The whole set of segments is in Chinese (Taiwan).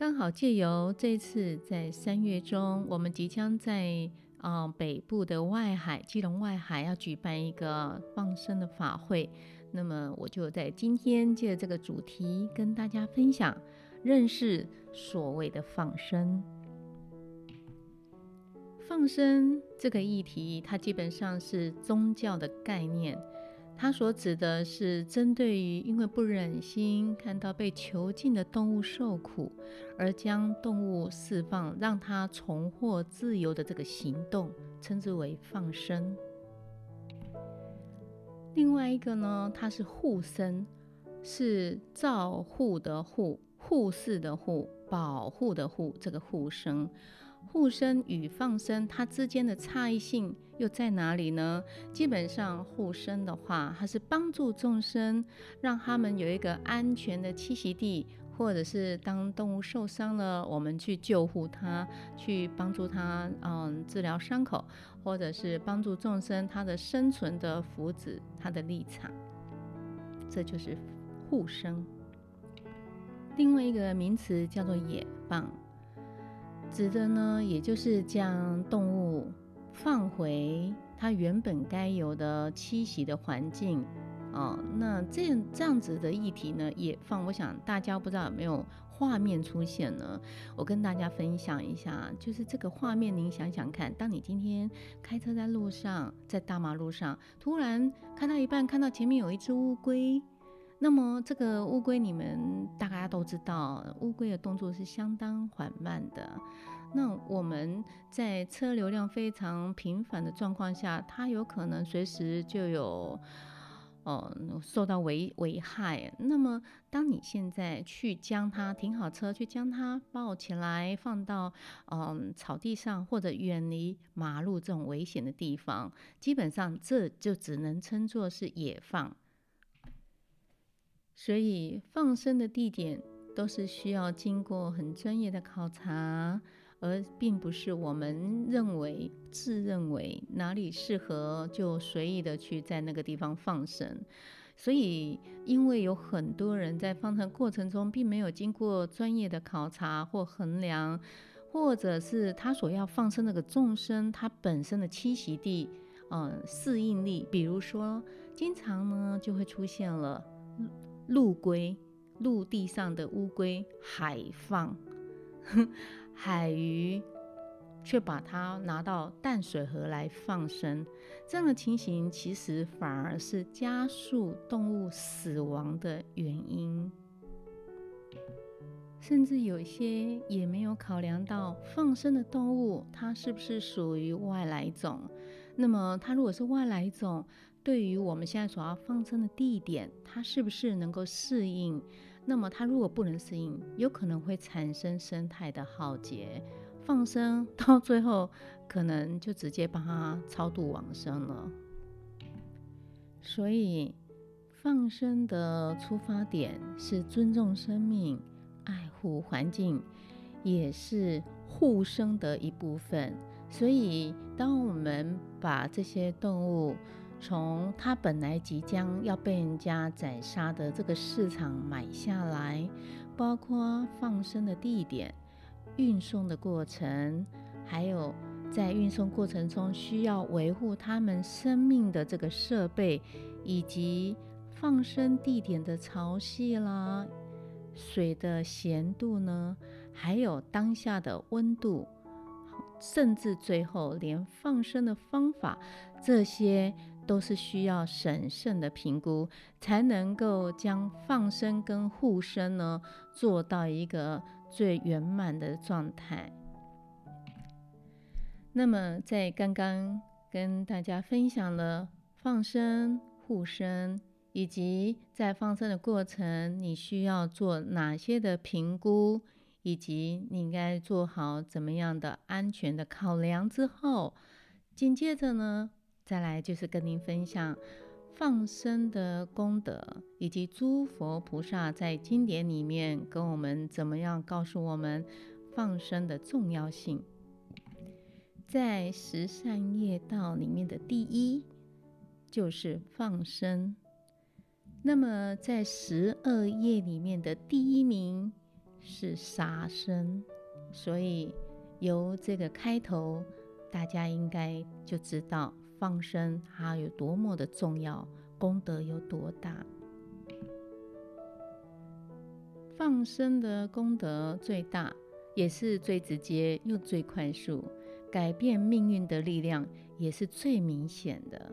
剛好借由這次在三月中，我們即將在嗯、呃、北部的外海，基隆外海要舉辦一個放生的法會，那麼我就在今天借這個主題跟大家分享認識所謂的放生。放生這個議題，它基本上是宗教的概念。它所指的是針對於因為不忍心看到被囚禁的動物受苦，而將動物釋放，讓它重獲自由的這個行動，稱之為放生。另外一個呢，它是護生，是照護的護，護士的護，保護的護，這個護生。護生與放生，它之間的差異性又在哪裡呢？基本上，護生的話，它是幫助眾生，讓他們有一個安全的棲息地，或者是當動物受傷了，我們去救護它，去幫助它，嗯，治療傷口，或者是幫助眾生它的生存的福祉，它的立場，這就是護生。另外一個名詞叫做野放。指的呢，也就是將動物放回它原本該有的棲息的環境，哦，那這樣這樣子的議題呢，也放。我想大家不知道有沒有畫面出現呢？我跟大家分享一下，就是這個畫面，您想想看，當你今天開車在路上，在大馬路上，突然看到一半，看到前面有一隻烏龜。那麼這個烏龜，你們大家都知道，烏龜的動作是相當緩慢的。那我們在車流量非常頻繁的狀況下，它有可能隨時就有，嗯、呃，受到危危害。那麼，當你現在去將它停好車，去將它抱起來放到，嗯、呃，草地上或者遠離馬路這種危險的地方，基本上這就只能稱作是野放。所以放生的地點都是需要經過很專業的考察，而並不是我們認為自認為哪裡適合就隨意的去在那個地方放生。所以，因為有很多人在放生過程中並沒有經過專業的考察或衡量，或者是他所要放生那個眾生它本身的棲息地、嗯、呃，適應力，比如說經常呢就會出現了。陸龜，陸地上的烏龜，海放，哼，海魚，卻把它拿到淡水河來放生，這樣的情形其實反而是加速動物死亡的原因。甚至有一些也沒有考量到放生的動物，它是不是屬於外來種？那麼它如果是外來種，對於我們現在所要放生的地點，它是不是能夠適應？那麼它如果不能適應，有可能會產生生態的浩劫。放生到最後，可能就直接把它超度往生了。所以，放生的出發點是尊重生命、愛護環境，也是護生的一部分。所以，當我們把這些動物，從他本來即將要被人家宰殺的這個市場買下來，包括放生的地點、運送的過程，還有在運送過程中需要維護他們生命的這個設備，以及放生地點的潮汐啦、水的鹹度呢，還有當下的溫度，甚至最後連放生的方法這些。都是需要審慎的評估，才能夠將放生跟護生呢做到一個最圓滿的狀態。那麼在剛剛跟大家分享了放生、護生以及在放生的過程，你需要做哪些的評估，以及你應該做好怎麼樣的安全的考量，之後，緊接着呢？再來就是跟您分享放生的功德，以及諸佛菩薩在經典裡面跟我們怎麼樣告訴我們放生的重要性。在十善業道裡面的第一就是放生，那麼在十惡業裡面的第一名是殺生，所以由這個開頭，大家應該就知道。放生它有多麼的重要，功德有多大。放生的功德最大，也是最直接又最快速，改變命運的力量，也是最明顯的。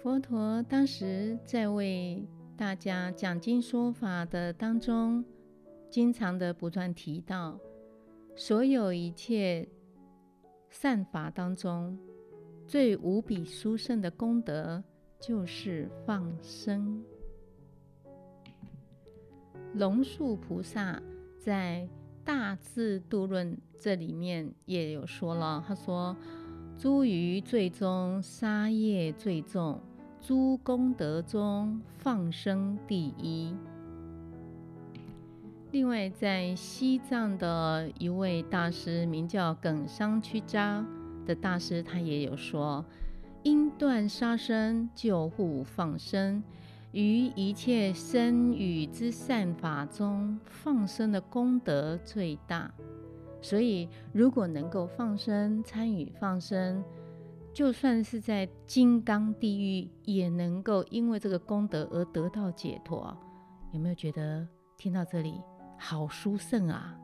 佛陀當時在為大家講經說法的當中，經常的不斷提到所有一切。善法當中，最無比殊勝的功德就是放生。龍樹菩薩在《大智度論》這裡面也有說了，他說：諸餘罪中，殺業最重，諸功德中放生第一。另外，在西藏的一位大師，名叫耿桑曲扎的大師，他也有說：因斷殺生、救護、放生，於一切生與之善法中，放生的功德最大。所以，如果能夠放生、參與放生，就算是在金剛地獄，也能夠因為這個功德而得到解脫。有沒有覺得聽到這裡？好殊勝啊！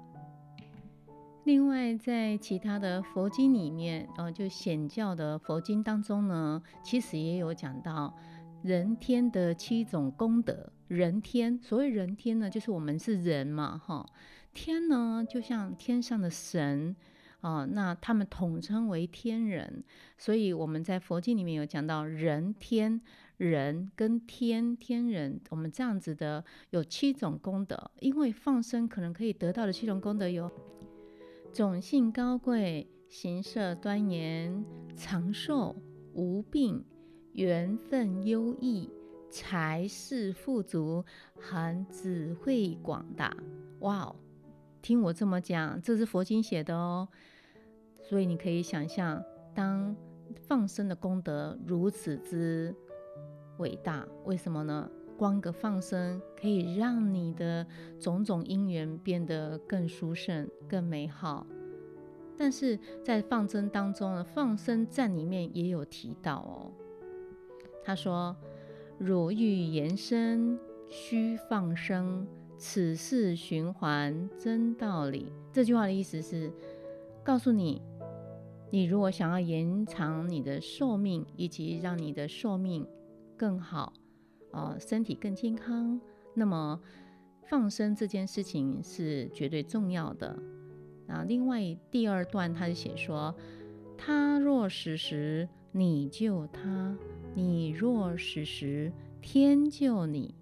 另外，在其他的佛經裡面，呃，就顯教的佛經當中呢，其實也有講到人天的七種功德。人天，所謂人天呢，就是我們是人嘛，哈，天呢就像天上的神啊，那他們統稱為天人。所以我們在佛經裡面有講到人天。人跟天，天人，我們這樣子的有七種功德，因為放生可能可以得到的七種功德有：種姓高貴、形色端嚴、長壽、無病、緣分優異、財勢富足、含智慧廣大。哇哦！聽我這麼講，這是佛經寫的哦，所以你可以想象，當放生的功德如此之偉大？為什麼呢？光個放生可以讓你的種種因緣變得更殊勝、更美好。但是在放生當中呢，放生讚裡面也有提到哦。他說：“若欲延生，須放生，此事循環真道理。”這句話的意思是，告訴你，你如果想要延長你的壽命，以及讓你的壽命。更好，呃，身體更健康。那麼，放生這件事情是絕對重要的。那另外第二段，他就寫說：“他若死時，時，你救他；你若死時，時，天救你。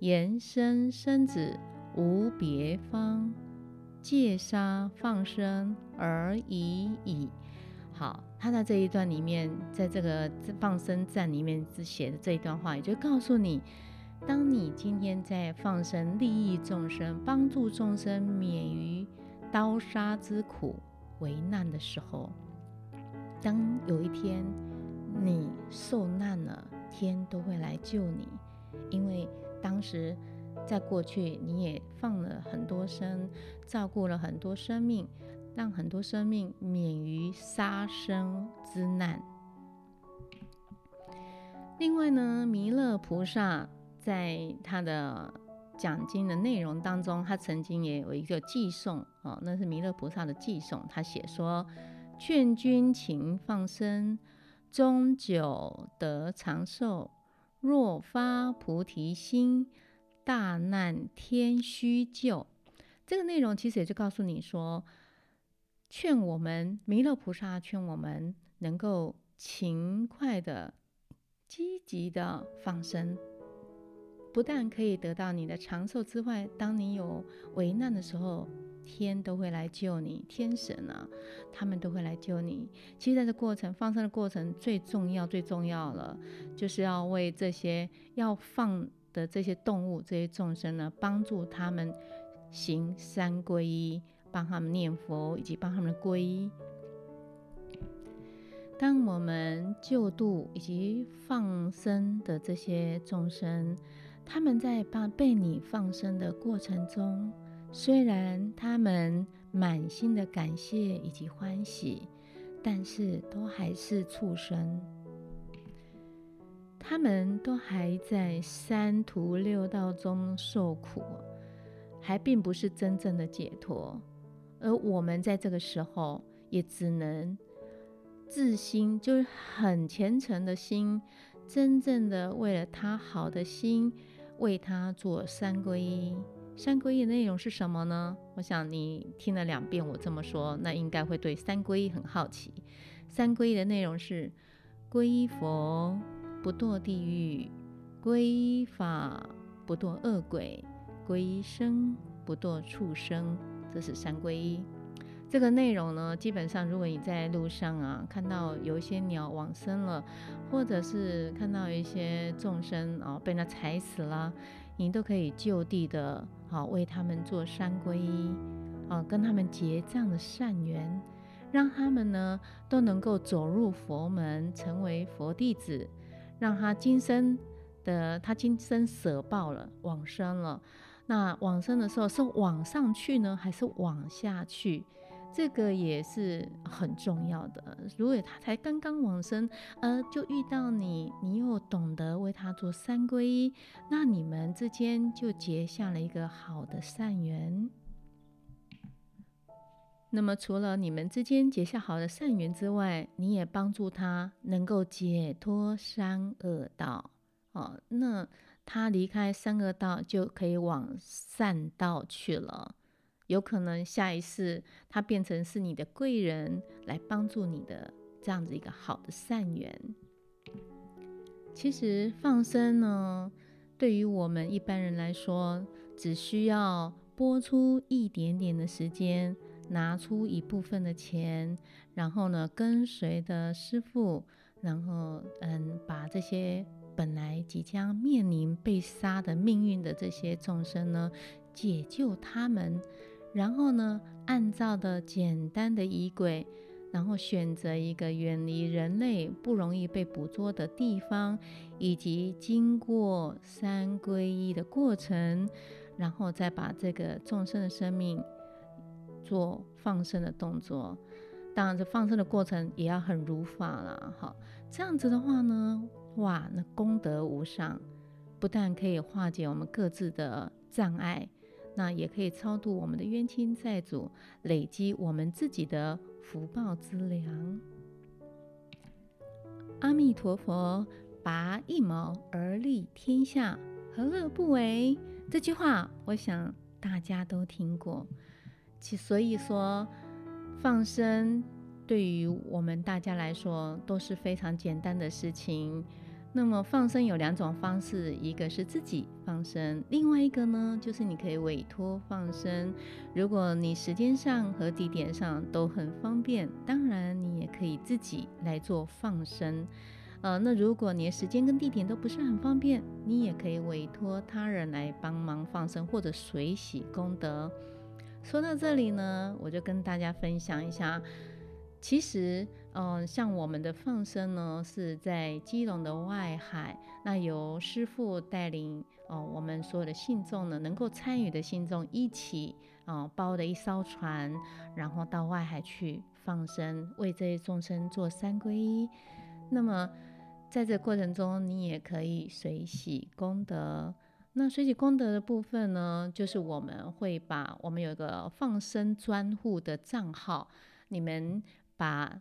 延生生子無別方，戒殺放生而已矣。”好，他在這一段裡面，在這個放生讚裡面是寫的這一段話，也就告訴你，當你今天在放生利益眾生、幫助眾生免於刀殺之苦、危難的時候，當有一天你受難了，天都會來救你，因為當時在過去你也放了很多生，照顧了很多生命。讓很多生命免於殺生之難。另外呢，彌勒菩薩在他的講經的內容當中，他曾經也有一個偈頌哦，那是彌勒菩薩的偈頌。他寫說：“勸君勤放生，終久得長壽；若發菩提心，大難天須救。”這個內容其實也就告訴你說。勸我們，彌勒菩薩勸我們能夠勤快的、積極的放生，不但可以得到你的長壽之外，當你有危難的時候，天都會來救你，天神啊，他們都會來救你。其實，在這過程放生的過程最重要、最重要了，就是要為這些要放的這些動物、這些眾生呢，幫助他們行三皈依。幫他們念佛，以及幫他們皈依。當我們救度以及放生的這些眾生，他們在幫被你放生的過程中，雖然他們滿心的感謝以及歡喜，但是都還是畜生，他們都還在三途六道中受苦，還並不是真正的解脫。而我們在這個時候也只能自心，就是很虔誠的心，真正的為了他好的心，為他做三皈依。三皈依的內容是什麼呢？我想你聽了兩遍我這麼說，那應該會對三皈依很好奇。三皈依的內容是：皈依佛不墮地獄，皈依法不墮惡鬼，皈依僧不墮畜生。這是三皈依這個內容呢，基本上如果你在路上啊看到，有一些鳥往生了，或者是看到一些眾生啊被那踩死了，你都可以就地的啊為他們做三皈依啊，跟他們結這樣的善緣，讓他們呢都能夠走入佛門，成為佛弟子，讓他今生的，他今生捨報了，往生了，那往生的時候是往上去呢，還是往下去？這個也是很重要的。如果他才剛剛往生，而、呃、就遇到你，你又懂得為他做三皈依，那你們之間就結下了一個好的善緣。那麼，除了你們之間結下好的善緣之外，你也幫助他能夠解脫三惡道。哦，那。他離開三惡道，就可以往善道去了，有可能下一次他變成是你的貴人，來幫助你的這樣子一個好的善緣。其實放生呢，對於我們一般人來說，只需要撥出一點點的時間，拿出一部分的錢，然後呢，跟隨的師傅，然後嗯，把這些。本來即將面臨被殺的命運的這些眾生呢，解救他們，然後呢，按照的簡單的儀軌，然後選擇一個遠離人類、不容易被捕捉的地方，以及經過三皈依的過程，然後再把這個眾生的生命做放生的動作。當然，這放生的過程也要很如法啦。好，這樣子的話呢，哇，那功德無上，不但可以化解我們各自的障礙，那也可以超度我們的冤親債主，累積我們自己的福報資糧。阿彌陀佛，拔一毛而利天下，何樂不為？這句話，我想大家都聽過。其所以說，放生對於我們大家來說都是非常簡單的事情。那麼放生有兩種方式，一個是自己放生，另外一個呢就是你可以委托放生。如果你時間上和地點上都很方便，當然你也可以自己來做放生。呃，那如果你的時間跟地點都不是很方便，你也可以委托他人來幫忙放生或者隨喜功德。說到這裡呢，我就跟大家分享一下，其實。嗯、呃，像我們的放生呢，是在基隆的外海，那由師父帶領哦、呃，我們所有的信眾呢，能夠參與的信眾一起哦、呃，包的一艘船，然後到外海去放生，為這些眾生做三皈依。那麼，在這過程中，你也可以隨喜功德。那隨喜功德的部分呢，就是我們會把我們有一個放生專戶的賬號，你們把。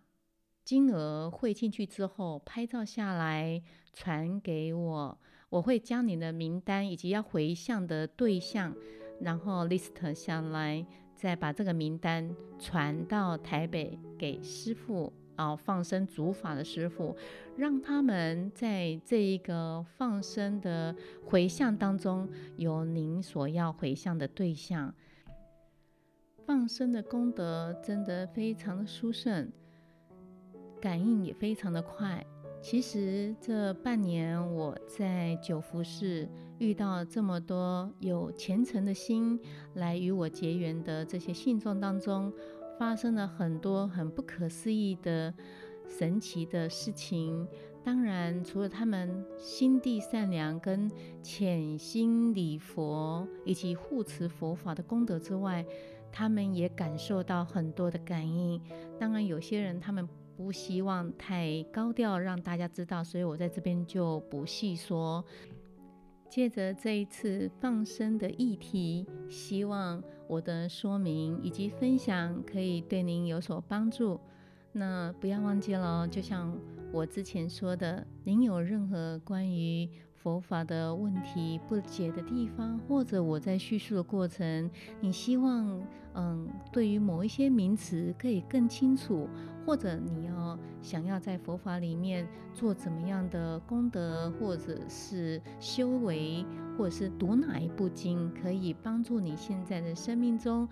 金額匯進去之後，拍照下來傳給我，我會將您的名單以及要回向的對象，然後 list 下來，再把這個名單傳到台北給師父哦，放生主法的師父，讓他們在這一個放生的回向當中，有您所要回向的對象。放生的功德真的非常的殊勝。感應也非常的快。其實這半年我在九福寺遇到這麼多有虔誠的心來與我結緣的這些信眾當中，發生了很多很不可思議的神奇的事情。當然，除了他們心地善良、跟潛心禮佛以及護持佛法的功德之外，他們也感受到很多的感應。當然，有些人他們。不希望太高調讓大家知道，所以我在這邊就不細說。借着這一次放生的議題，希望我的說明以及分享可以對您有所幫助。那不要忘記了，就像我之前說的，您有任何關於佛法的問題、不解的地方，或者我在敘述的過程，你希望嗯，對於某一些名詞可以更清楚，或者你要想要在佛法裡面做怎麼樣的功德，或者是修為，或者是讀哪一部經，可以幫助你現在的生命中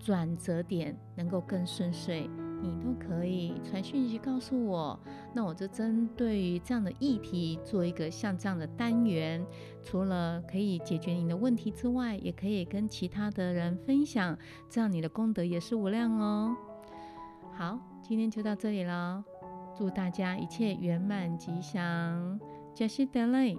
轉折點能夠更順遂，你都可以傳訊息告訴我，那我就針對於這樣的議題做一個像這樣的單元，除了可以解決你的問題之外，也可以跟其他的人分享，這樣你的功德也是無量哦。好，今天就到這裡了。祝大家一切圓滿吉祥，扎西德勒。